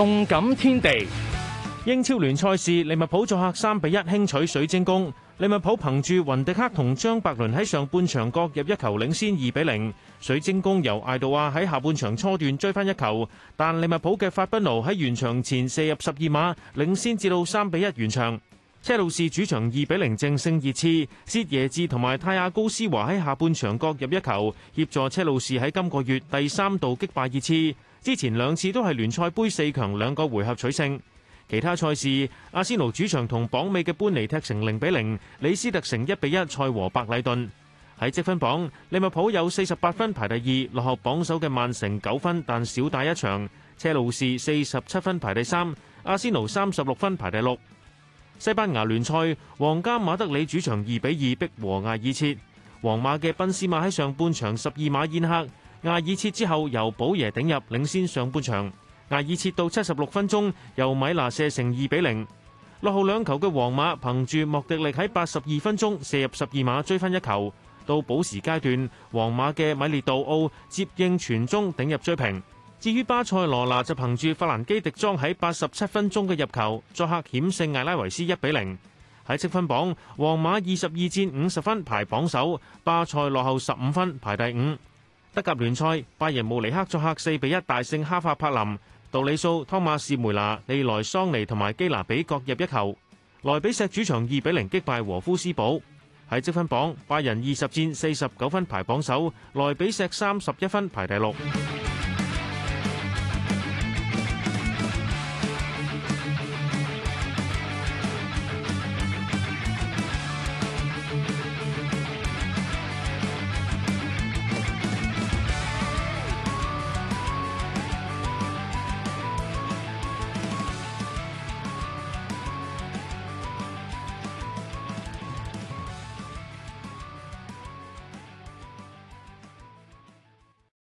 動感天地，英超聯賽事，利物浦作客三比一輕取水晶宮。利物浦憑住雲迪克同張伯倫喺上半場各入一球領先二比零。水晶宮由艾度亞喺下半場初段追翻一球，但利物浦嘅法賓奴喺完場前射入十二碼，領先至到三比一完場。車路士主場二比零淨勝熱刺，薛耶治同埋泰亞高施華喺下半場各入一球，協助車路士喺今個月第三度擊敗熱刺。之前兩次都係聯賽杯四強兩個回合取勝。其他賽事，阿仙奴主場同榜尾嘅般尼踢成零比零，李斯特城一比一賽和白禮頓。喺積分榜，利物浦有四十八分排第二，落後榜首嘅曼城九分，但少打一場。車路士四十七分排第三，阿仙奴三十六分排第六。西班牙聯賽，皇家馬德里主場二比二逼和艾爾切。皇馬嘅賓斯馬喺上半場十二碼宴客，艾爾切之後由保耶頂入領先上半場。艾爾切到七十六分鐘由米拿射成二比零，落後兩球嘅皇馬憑住莫迪力喺八十二分鐘射入十二碼追返一球。到補時階段，皇馬嘅米列杜奧接應傳中頂入追平。至於巴塞羅那就憑住法蘭基迪莊喺八十七分鐘嘅入球，作客險勝艾拉維斯一比零。喺積分榜，皇馬二十二戰五十分排榜首，巴塞落後十五分排第五。德甲聯賽，拜仁慕尼克作客四比一大勝哈法柏林。道理素，湯馬士梅拿、利萊桑尼同埋基拿比各入一球。萊比錫主場二比零擊敗和夫斯堡。喺積分榜，拜仁二十戰四十九分排榜首，萊比錫三十一分排第六。